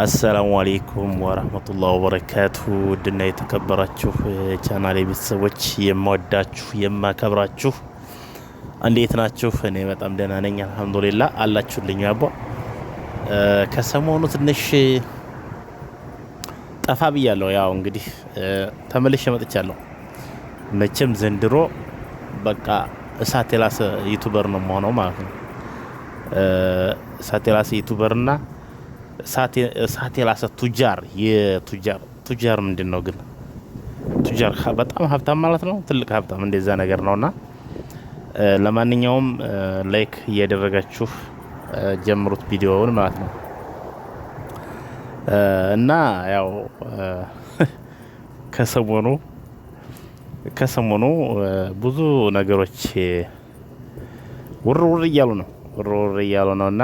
አሰላሙ አሌይኩም ወረህመቱላህ ወበረካቱ ውድና የተከበራችሁ ቻናሌ ቤተሰቦች የማወዳችሁ የማከብራችሁ እንዴት ናችሁ? እኔ በጣም ደህና ነኝ አልሐምዱሊላ። አላችሁልኝ አባ ከሰሞኑ ትንሽ ጠፋ ብያለሁ። ያው እንግዲህ ተመልሼ መጥቻለሁ። መቼም ዘንድሮ በቃ እሳት የላሰ ዩቱበር ነው መሆነው ማለት ነው። እሳት የላሰ ዩቱበርና እሳት የላሰ ቱጃር የቱጃር ቱጃር ምንድን ነው ግን? ቱጃር በጣም ሀብታም ማለት ነው። ትልቅ ሀብታም እንደዛ ነገር ነው እና ለማንኛውም ላይክ እያደረጋችሁ ጀምሩት ቪዲዮውን ማለት ነው። እና ያው ከሰሞኑ ከሰሞኑ ብዙ ነገሮች ውርውር እያሉ ነው ውርውር እያሉ ነው እና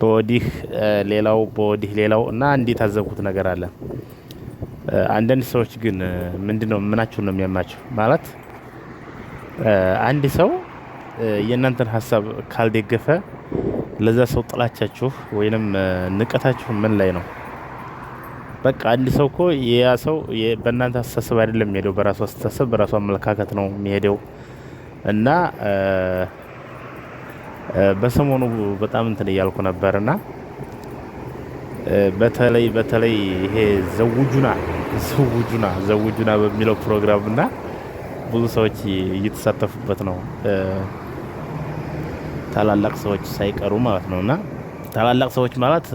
በወዲህ ሌላው በወዲህ ሌላው እና እንዲህ የታዘብኩት ነገር አለ። አንዳንድ ሰዎች ግን ምንድነው ምናችሁን ነው የሚያማችሁ? ማለት አንድ ሰው የእናንተን ሀሳብ ካልደገፈ ለዛ ሰው ጥላቻችሁ ወይንም ንቀታችሁ ምን ላይ ነው? በቃ አንድ ሰው እኮ ያ ሰው በእናንተ አስተሳሰብ አይደለም የሚሄደው፣ በራሱ አስተሳሰብ በራሱ አመለካከት ነው የሚሄደው እና በሰሞኑ በጣም እንትን እያልኩ ነበርና በተለይ በተለይ ይሄ ዘውጁና ዘውጁና ዘውጁና በሚለው ፕሮግራም እና ብዙ ሰዎች እየተሳተፉበት ነው፣ ታላላቅ ሰዎች ሳይቀሩ ማለት ነው። እና ታላላቅ ሰዎች ማለት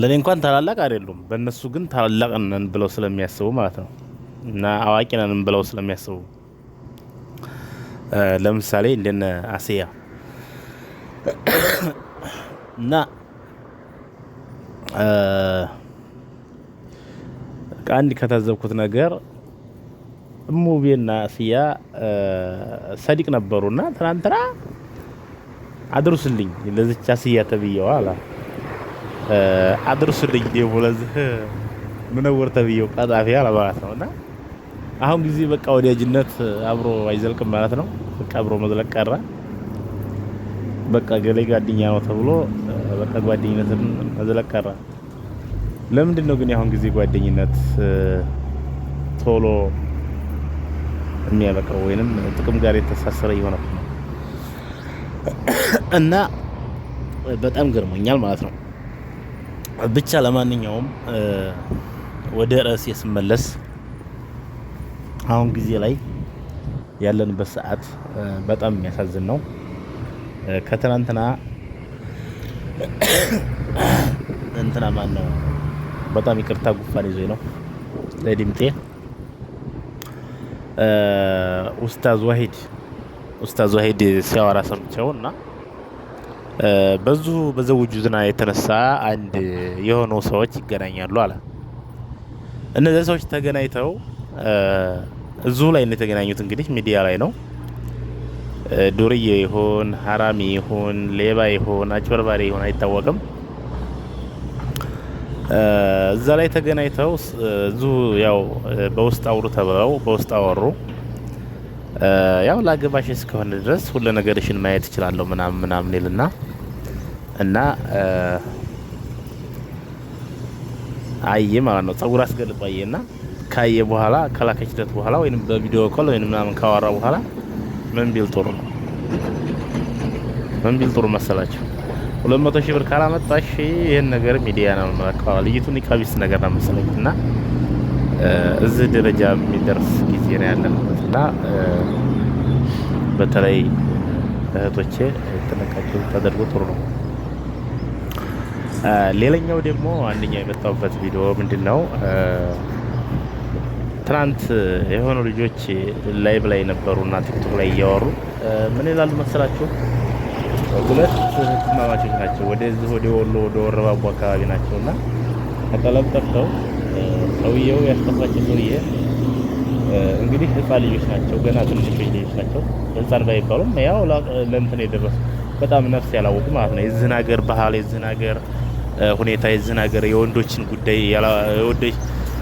ለእኔ እንኳን ታላላቅ አይደሉም፣ በእነሱ ግን ታላላቅ ነን ብለው ስለሚያስቡ ማለት ነው እና አዋቂ ነን ብለው ስለሚያስቡ ለምሳሌ እንደነ አስያ እና አንድ ከታዘብኩት ነገር ሙቤና አስያ ሰዲቅ ነበሩ ነበሩና ትናንትና አድርሱልኝ ለዚች አስያ ተብየው አላ አድርሱልኝ ደሞ ለዚህ ምነውር ተብየው ቀጣፊ አለ ማለት ነው እና አሁን ጊዜ በቃ ወዳጅነት አብሮ አይዘልቅም ማለት ነው። ቀብሮ መዝለቅ ቀረ። በቃ ገሌ ጓደኛ ነው ተብሎ በቃ ጓደኝነትን መዝለቅ ቀረ። ለምንድን ነው ግን ያሁን ጊዜ ጓደኝነት ቶሎ የሚያበቃው ወይንም ጥቅም ጋር የተሳሰረ የሆነ እና በጣም ገርሞኛል ማለት ነው። ብቻ ለማንኛውም ወደ ርዕሴ ስመለስ አሁን ጊዜ ላይ ያለንበት ሰዓት በጣም የሚያሳዝን ነው። ከትናንትና እንትና ማን ነው? በጣም ይቅርታ ጉፋን ይዞ ነው ለድምጤ ኡስታዝ ዋሂድ ኡስታዝ ዋሂድ ሲያወራ ሰምቸው እና በዙ በዘውጁ ዝና የተነሳ አንድ የሆኑ ሰዎች ይገናኛሉ አለ። እነዚህ ሰዎች ተገናኝተው እዙ ላይ ነው የተገናኙት። እንግዲህ ሚዲያ ላይ ነው። ዱርዬ ይሁን ሀራሚ ይሁን ሌባ ይሁን አጭበርባሪ ይሁን አይታወቅም። እዛ ላይ ተገናኝተው እዙ ያው በውስጥ አውሩ ተብለው በውስጥ አወሩ። ያው ለአገባሽ እስከሆነ ድረስ ሁለ ነገርሽን ማየት እችላለሁ ምናምን ምናምን ይልና እና አይ ማለት ነው ጸጉር አስገልባዬ ካየ በኋላ ከላከችለት በኋላ ወይም በቪዲዮ ኮል ወይም ምናምን ካወራ በኋላ ምን ቢል ጥሩ ነው? ምን ቢል ጥሩ መሰላችሁ? ሁለት መቶ ሺህ ብር ካላመጣሽ ይህን ነገር ሚዲያ ነው መለካዋ። ልጅቱ ኒቃቢስ ነገር ነው መሰለኝ እና እዚህ ደረጃ የሚደርስ ጊዜ ነው ያለንበት እና በተለይ እህቶቼ ጥንቃቄ ተደርጎ ጥሩ ነው። ሌላኛው ደግሞ አንደኛው የመጣሁበት ቪዲዮ ምንድን ነው ትናንት የሆኑ ልጆች ላይቭ ላይ ነበሩ እና ቲክቶክ ላይ እያወሩ ምን ይላሉ መሰላችሁ? ሁለት ህትማማቾች ናቸው። ወደዚህ ወደ ወሎ ወደ ወረባቦ አካባቢ ናቸው እና ከቀለም ጠፍተው ሰውየው ያስጠፋቸው ሰውዬ እንግዲህ ህፃን ልጆች ናቸው። ገና ትንሽ ልጆች ናቸው። ህፃን ባይባሉም ያው ለእንትን የደረሱ በጣም ነፍስ ያላወቁ ማለት ነው። የዚህን ሀገር ባህል፣ የዚህን ሀገር ሁኔታ፣ የዚህን ሀገር የወንዶችን ጉዳይ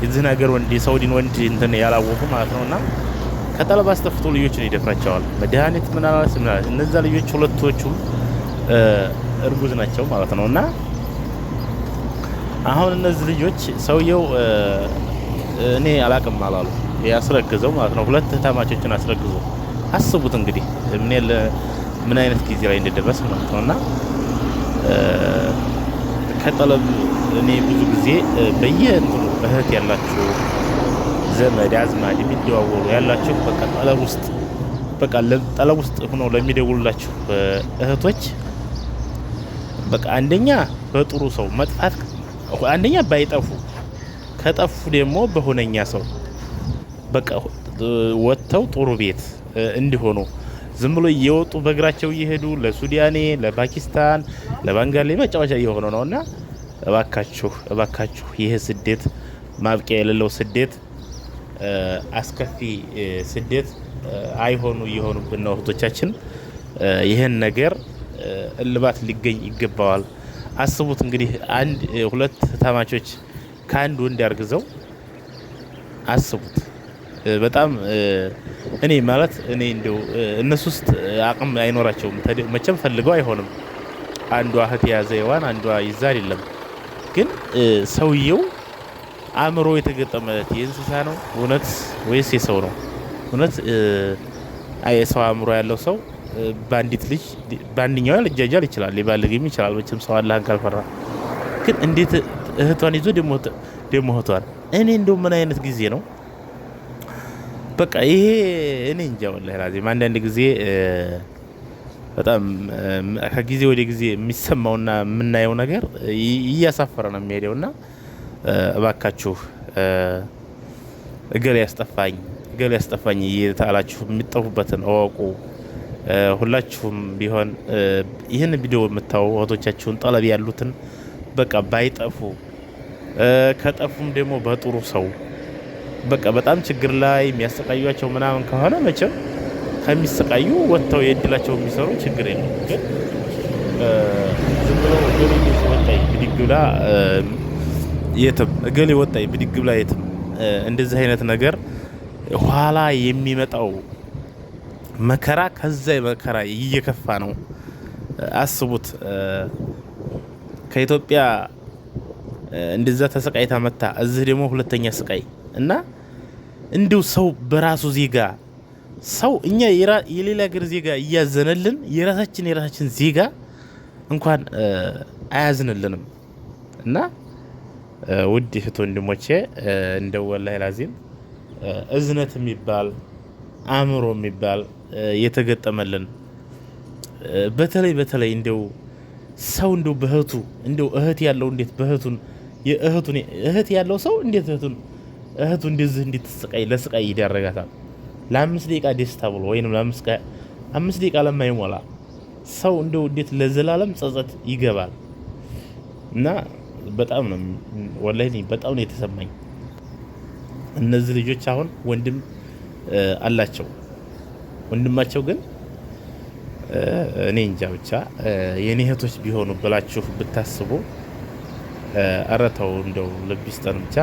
የዚህን ሀገር ወንድ የሰውዲን ወንድ እንትን ያላወቁ ማለት ነው እና ከጠለብ አስተፍቶ ልጆችን ይደፍራቸዋል። መድኃኒት ምናልባት ምና እነዛ ልጆች ሁለቶቹም እርጉዝ ናቸው ማለት ነው እና አሁን እነዚህ ልጆች ሰውየው እኔ አላቅም አላሉ ያስረግዘው ማለት ነው። ሁለት ህታማቾችን አስረግዞ አስቡት እንግዲህ ምን አይነት ጊዜ ላይ እንደደረስ ማለት ነው እና ከጠለብ እኔ ብዙ ጊዜ በየእንትኑ እህት ያላችሁ ዘመድ አዝማድ የሚደዋወሉ ያላችሁ በቃ ጠለብ ውስጥ በቃ ጠለብ ውስጥ ሆነው ለሚደውሉላችሁ እህቶች በቃ አንደኛ በጥሩ ሰው መጥፋት አንደኛ ባይጠፉ ከጠፉ ደግሞ በሆነኛ ሰው በቃ ወጥተው ጥሩ ቤት እንዲሆኑ ዝም ብሎ እየወጡ በእግራቸው እየሄዱ ለሱዳኔ፣ ለፓኪስታን፣ ለባንጋሌ መጫወቻ እየሆነ ነው እና እባካችሁ እባካችሁ ይህ ስደት ማብቂያ የሌለው ስደት አስከፊ ስደት አይሆኑ እየሆኑብን ነው። እህቶቻችን ይህን ነገር እልባት ሊገኝ ይገባዋል። አስቡት እንግዲህ አንድ ሁለት ታማቾች ከአንድ ወንድ አርግዘው አስቡት በጣም እኔ ማለት እኔ እንደው እነሱ ውስጥ አቅም አይኖራቸውም መቼም ፈልገው አይሆንም። አንዷ እህት የያዘ ይዋን አንዷ ይዛ አይደለም ግን ሰውየው አእምሮ የተገጠመለት የእንስሳ ነው እውነት ወይስ የሰው ነው? እውነት የሰው አእምሮ ያለው ሰው በአንዲት ልጅ በአንድኛው ልጃጃል ይችላል፣ ሊባልግም ይችላል። መቼም ሰው አላህን ካልፈራ ግን እንዴት እህቷን ይዞ ደሞ እህቷን እኔ እንደው ምን አይነት ጊዜ ነው በቃ ይሄ እኔ እንጃውን ለራዜም አንዳንድ ጊዜ በጣም ከጊዜ ወደ ጊዜ የሚሰማውና የምናየው ነገር እያሳፈረ ነው የሚሄደው። ና እባካችሁ እገሌ ያስጠፋኝ እገሌ ያስጠፋኝ እየተላችሁ የሚጠፉበትን እወቁ። ሁላችሁም ቢሆን ይህን ቪዲዮ የምታዩ እህቶቻችሁን ጠለብ ያሉትን በቃ ባይጠፉ ከጠፉም ደግሞ በጥሩ ሰው በቃ በጣም ችግር ላይ የሚያሰቃዩቸው ምናምን ከሆነ መቼም ከሚሰቃዩ ወጥተው የእድላቸው የሚሰሩ ችግር የለም። ግን ዝም ብሎ እገሌ ወጣኝ ብድግ ብላ የትም እገሌ ብድግ ብላ የትም እንደዚህ አይነት ነገር ኋላ የሚመጣው መከራ ከዛ መከራ እየከፋ ነው። አስቡት ከኢትዮጵያ እንደዛ ተሰቃይታ መታ እዚህ ደግሞ ሁለተኛ ስቃይ እና እንዲሁ ሰው በራሱ ዜጋ ሰው እኛ የሌላ ሀገር ዜጋ እያዘነልን የራሳችን የራሳችን ዜጋ እንኳን አያዝንልንም። እና ውድ እህት ወንድሞቼ እንደው ወላሂ ላዚም እዝነት የሚባል አእምሮ የሚባል የተገጠመልን በተለይ በተለይ እንደው ሰው እንደው በእህቱ እንደው እህት ያለው እንዴት በእህቱን እህት ያለው ሰው እንዴት እህቱን እህቱ እንደዚህ እንድትስቃይ ለስቃይ ይዳረጋታል። ለአምስት ደቂቃ ደስታ ብሎ ወይም አምስት ደቂቃ ለማይሞላ ሰው እንደ ውዴት ለዘላለም ጸጸት ይገባል እና በጣም ነው ወላሂ በጣም ነው የተሰማኝ። እነዚህ ልጆች አሁን ወንድም አላቸው። ወንድማቸው ግን እኔ እንጃ ብቻ የኔ እህቶች ቢሆኑ ብላችሁ ብታስቡ፣ ኧረ ተው እንደው ልብ ይስጠን ብቻ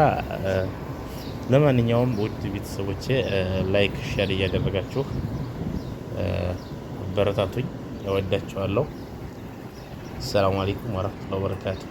ለማንኛውም ውድ ቤተሰቦቼ ላይክ፣ ሸር እያደረጋችሁ አበረታቱኝ። እወዳችኋለሁ። ሰላም አለይኩም ወረህመቱላሂ ወበረካቱ